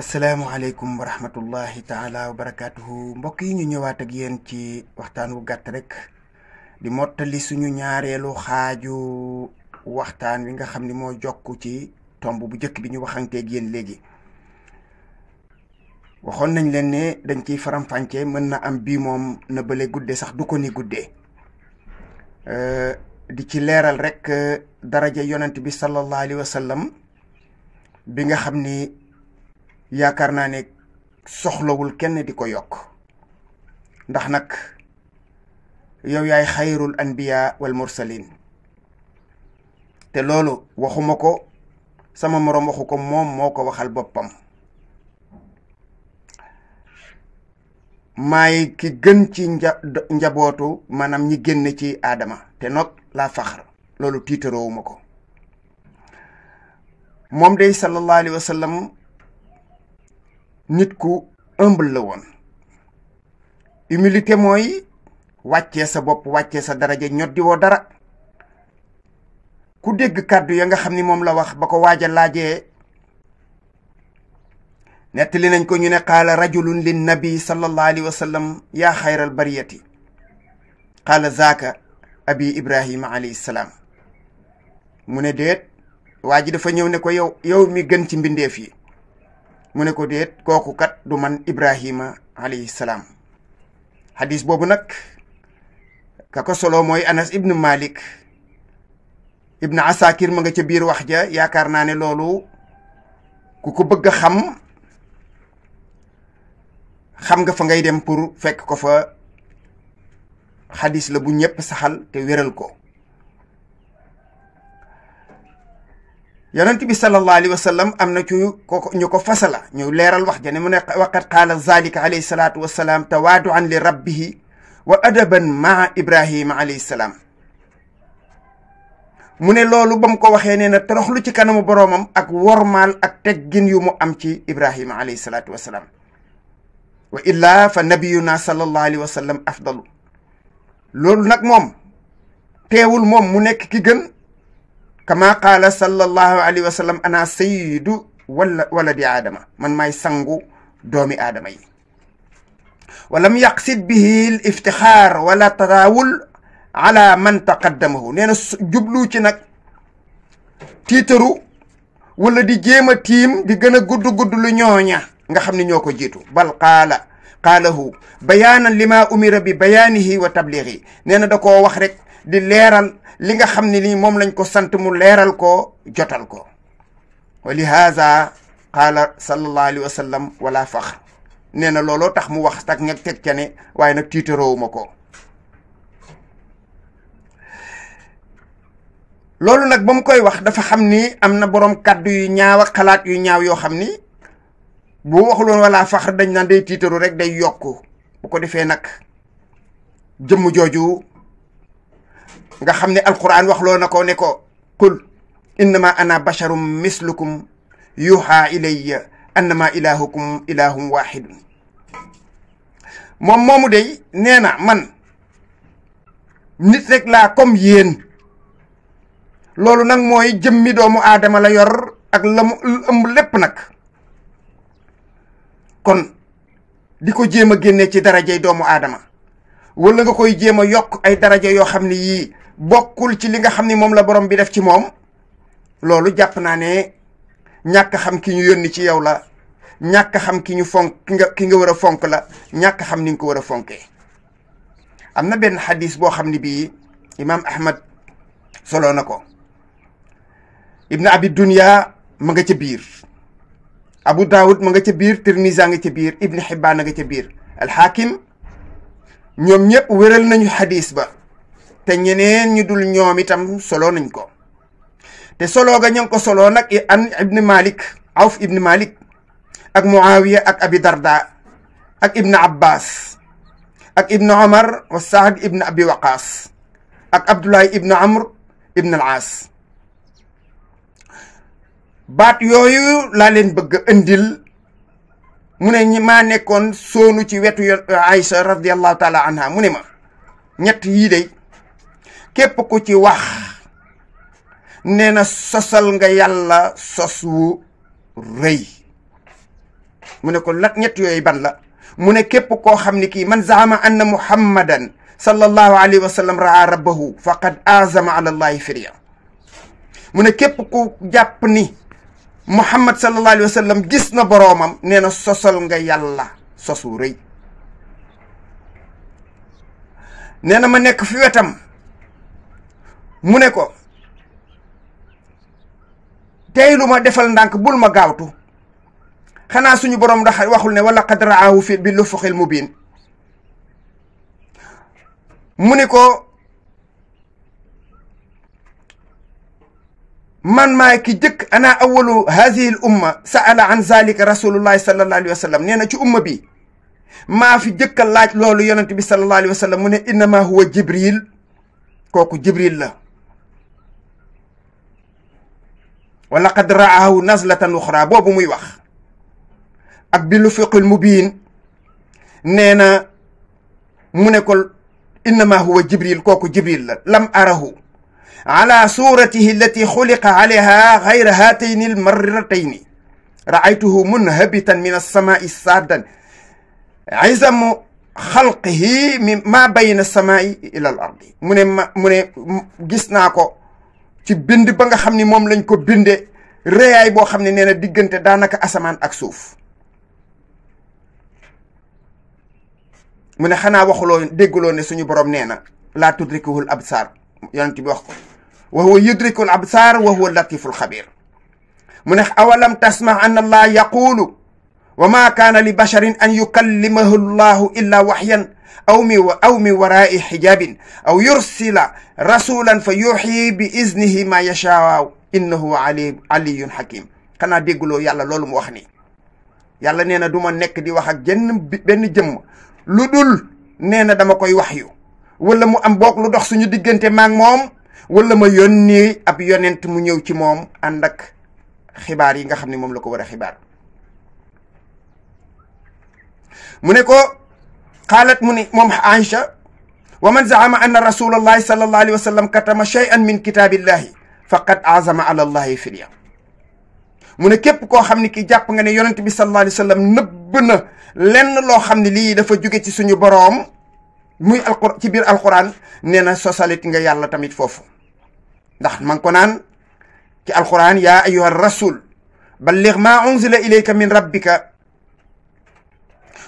asalaamaaleykum wa rahmatullahi taala wa barakaatuhu mbokk yi ñu ñëwaat ak yéen ci waxtaan wu gàtt rek di mottali suñu ñaareelu xaaju waxtaan wi nga xam ni moo jokk ci tomb bu njëkk bi ñu waxanteeg yéen léegi waxoon nañ leen ne dañ ciy faram mën na am bii moom na bële guddee sax du ko ni guddee euh, di ci leeral rek euh, daraja yonent bi sallallahu alayhi wa bi nga xam ni yaakaar naa ne soxlawul kenn di ko yokk ndax nag yow yaay xayrul anbiya wal mursalin te loolu waxuma ko sama moroom waxu ko moom moo ko waxal boppam maay ki gën ci njabootu maanaam ñi génne ci aadama te nag laa faxar loolu tiitaroowuma ko moom day sallallahu alayhi wa nit ku humble la woon humilité mooy wàccee sa bopp wàccee sa daraja ñoddi woo dara ku dégg kàddu ya nga xam ni moom la wax ba ko waaj a laajee nettali nañ ko ñu ne qaala rajulun lin nabi sallallahu alayhi wa sallam yaa xayral bariyati qaala zaaka abi ibrahima alayhi salaam mu ne déet waa ji dafa ñëw ne ko yow yow mi gën ci mbindeef yi mu ne ko déet kooku kat du man Ibrahima alayhi salaam hadis boobu nag ka ko solo mooy Anas ibn Malik ibn Asakir ma nga ca biir wax ja yaakaar naa ne loolu ku ko bëgg a xam xam nga fa ngay dem pour fekk ko fa hadis la bu ñëpp saxal te wéral ko yonent bi sallallahu alayhi wa sallam am na ci ko ñu ko fasala ñu leeral wax ja ne mu ne waqat qaala zalika alayhi salaatu wasalaam tawaaduan li rabbihi wa adaban maa ibrahima alayhi salaam mu ne loolu ba mu ko waxee nee na toroxlu ci kanamu boroomam ak wormaal ak teggin yu mu am ci ibrahima alayhi salaatu wasalaam wa illaa fa nabiyuna sallallahu alayhi wa sallam afdalu loolu nag moom teewul moom mu nekk kama qaala sallallahu alayhi wa sallam ana sayyidu wala waladi aadama man maay sangu doomi aadama yi walam yaqsid bihi l iftixaar wala tadaawul ala man taqaddamahu nee na jublu ci nag tiitaru wala di jéem a tiim di gën a gudd gudd lu ñooña nga xam ne ñoo ko jiitu bal qaala qaalahu bayaanan lima umira bi bayaanihi wa tabliixihi nee na da koo wax rek di leeral li nga xam ne nii moom lañ ko sant mu leeral ko jotal ko wa li haza qaala sallallahu alayhi wa wala faxr nee na looloo tax mu wax tak ñeg teg ca ne waaye nag tiitaroowuma ko loolu nag ba mu koy wax dafa xam ni am na borom kàddu yu ñaaw ak yu ñaaw yoo xam ni bu waxuloon wala faxr dañ naan day tiitaru rek day yokk bu ko defee nag jëmm jooju nga xam ne alquran waxloo na ko ne ko qul innama ana basharum mislukum yuha ilayya annama ilahukum ilahum wahidun moom moomu day nee na man nit rek laa comme yéen loolu nag mooy jëmmi doomu aadama la yor ak la mu lépp nag kon di ko jéem a génne ci darajey doomu aadama wala nga koy jéem a yokk ay daraja yoo xam ne yii bokkul ci li nga xam ni moom la borom bi def ci moom loolu jàpp naa ne ñàkk xam ki ñu yónni ci yow la ñàkk xam ki ñu fonk ki nga ki war a fonk la ñàkk xam ni nga ko war a fonkee am na benn xadis boo xam ni bii imaam Ahmad solo na ko Ibn Abi Dunya ma nga ca biir Abu Daawud ma nga ca biir Tirmisa nga ca biir Ibn Xibbaan nga ca biir Alxaakim ñoom ñëpp wéral nañu xadis ba te ñeneen ñu dul ñoom itam solo nañ ko te solo ga ko solo nag an ibn malik awf ibn malik ak muawiya ak abi darda ak ibn abbas ak ibn omar wa saad ibn abi waqas ak abdullahi ibn amr ibn al baat yooyu laa leen bëgg a indil mu ne ñi maa nekkoon soonu ci wetu Aïcha radiyallahu taala anha mu ma ñett yii képp ku ci wax nee na sosal nga yàlla sos wu rëy mu ne ko la ñett ban la mu ne képp koo xam ni kii man zaama anna muhammadan sallallahu alayhi wa sallam raa rabbahu faqad azama ala allahi mu ne képp ku jàpp ni muhammad sallallahu alayhi wa na boroomam nee na sosal nga yàlla sos wu rëy nee ma nekk fi wetam mu ne ko tey lu ma defal ndànk bul ma gaawtu xanaa suñu borom ndax waxul ne wala qad raahu fi bi lufuxil mubiin mu ne ko man maay ki jëkk ana awalu haadihi l umma saala an zalika rasulullahi sallallahu alayhi wa sallam na ci umma bi maa fi jëkka laaj loolu yonent bi sallallahu alayhi wa sallam mu ne innama huwa jibril kooku jibril la wa laqad raahu nazlatan uxra boobu muy wax ak bi lufiqil mubiin nee na mu ne ko innama huwa jibril kooku jibril la lam arahu ala suratihi allati xuliqa alayha gayra haatayni almarratayni raaytuhu munhabitan min alsamaai saddan izamu xalqihi mi ma bayna alsamaai ila al ardi mu ne ma mu ne gis naa ko ci bind ba nga xam ni moom lañ ko bindee réyaay boo xam ne nee na diggante daanaka asamaan ak suuf mu ne xanaa waxuloo dégguloo ne suñu boroom nee na laa tudrikuhul absaar yonent bi wax ko wa huwa yudrikul absaar wa huwa latiful xabir mu ne awalam tasma an allah yaqulu wa maa kaana li basharin an yukallimahu llahu illa waxyan aw mi aw min waraai xijaabin aw yursila rasulan fa yuxii bi iznihi maa yashaau innahu ali aliyun xakim xanaa dégguloo yàlla loolu mu wax ni yàlla nee na du ma nekk di wax ak jenn benn jëmm lu dul nee na dama koy wax yu wala mu am boog lu dox suñu diggante maag moom wala ma yónni ab yonent mu ñëw ci moom ànd ak xibaar yi nga xam ne moom la ko war a xibaar mu ne ko xaalat mu ne moom Aïcha wa man zaama anna rasulallahi sallallahu alayhi wa sallam katama shay'an min kitaabillahi faqad azama ala allahi filiyam mu ne képp koo xam ne ki jàpp nga ne yonent bi sallallahu alayhi wa sallam nëbb na lenn loo xam ne lii dafa jóge ci suñu boroom muy alqur ci biir alquran nee na sosalit nga yàlla tamit foofu ndax man ko naan ci alquran yaa ayyuha rasul balligh ma unzila ilayka min rabbika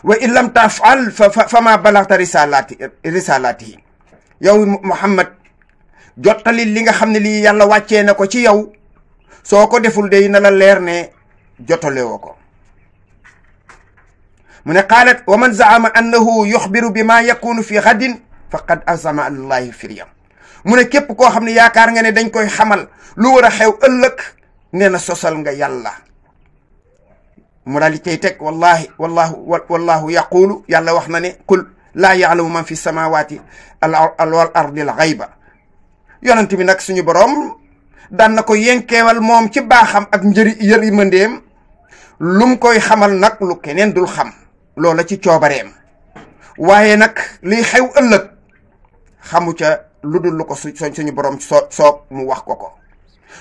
wa in lam tafal fa fama balaxta risalaati risalaatihi yow Muhammad jottali li nga xam ne lii yàlla wàccee na ko ci yow soo ko deful day na la leer ne jotalewoo ko mu ne qaalat wa man zaama annahu yuxbiru bi ma yakunu fi xadin faqad azama allahi firiyam mu ne képp koo xam ne yaakaar nga ne dañ koy xamal lu war a xew ëllëg nee na sosal nga yàlla mu daal di cay teg wallahi wallahu wallahu yaqulu yàlla wax na ne kul laa yaalamu man fi samawati al wal ardi al xayba yonent bi nag suñu boroom daan na ko yenkeewal moom ci baaxam ak njëri yërmandeem lu mu koy xamal nag lu keneen dul xam loola ci coobareem waaye nag liy xew ëllëg xamu ca lu dul lu ko su suñu boroom soo mu wax ko ko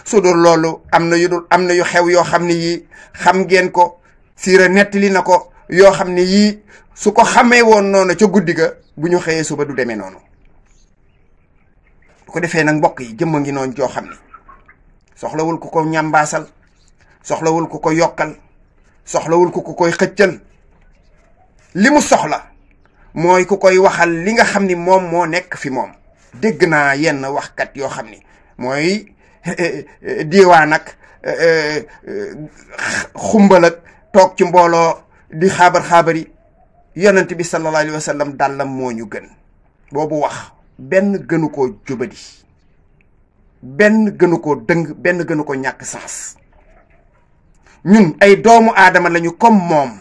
su dul loolu am na yu xew yoo xam ne yi xam ngeen ko siira nettali na ko yoo xam ne yii su ko xamee woon noonu ca guddi ga bu ñu xëyee suba du demee noonu bu ko defee nag mbokk yi jëmm a ngi noonu joo xam ne soxlawul ku ko ñambaasal soxlawul ku ko yokkal soxlawul ku ko koy xëccal li mu soxla mooy ku koy waxal li nga xam ni moom moo nekk fi moom dégg naa yenn waxkat yoo xam ni mooy diiwaan ak eh, eh, eh, xumbalak toog ci mbooloo di xaabar xaabar yi bi sallallahu alayhi wa moo ñu gën boobu wax benn gënu koo jubadi benn gënu koo dëng benn gënu ko ñàkk sens ñun ay doomu aadama lañu comme moom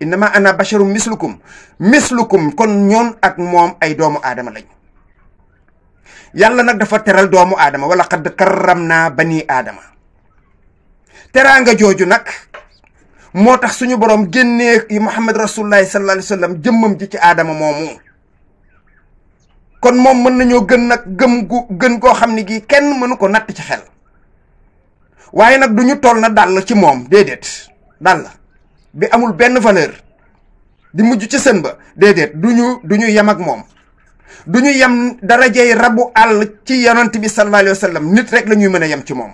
innama ana basharum mislukum mislukum kon ñoon ak moom ay doomu aadama lañu yàlla nag dafa teral doomu aadama wala xadd karram naa bani aadama teraanga jooju nag moo tax suñu borom génnee yi Muhammad rasulullahi sallallahu alayhi wa sallam jëmmam ji ci aadama moomu kon moom mën nañoo gën nag gëm gu gën goo xam ne gii kenn mënu ko natt ci xel waaye nag du ñu toll na dàll ci moom déedéet dàll bi amul benn valeur di mujj ci sën ba déedéet du ñu du ñu yem ak moom du ñu yem darajey rabu àll ci yonent bi sallallahu alayhi nit rek la ñuy mën a yem ci moom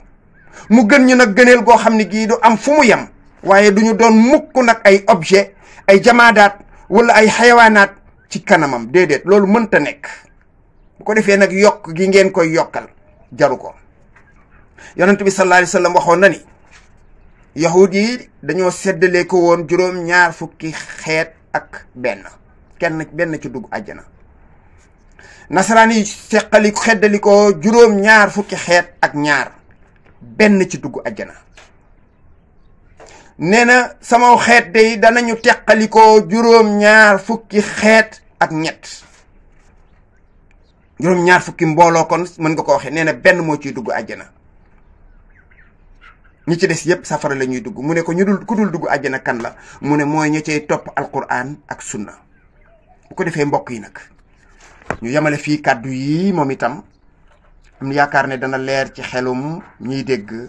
mu gën ñu nag gëneel goo xam ne gii du am fu mu yem waaye du ñu doon mukk nag ay objet ay jamaadaat wala ay xayawaanaat ci kanamam déedéet loolu mënta nekk bu ko defee nag yokk gi ngeen koy yokkal jaru ko yonent bi sallallahu alayhi wa waxoon na ni yahud yi dañoo seddalee ko woon juróom ñaar fukki xeet ak benn kenn benn ci àjjana nasaraan seqali xeddali ko ñaar fukki xeet ak ñaar benn ci dugg àjjana nee na sama xeet day danañu teqalikoo juróom-ñaar fukki xeet ak ñett juróom-ñaar fukki mbooloo kon mën nga ko waxee nee na benn moo ciy dugg ajjana ñi ci des yépp safara lañuy dugg mu ne ko ñu dul ku dul dugg àjjana kan la mu ne mooy ña cay topp alquran ak sunna bu ko defee mbokk yi nag ñu yemale fii kàddu yii moom itam am yaakaar ne dana leer ci xelum ñiy dégg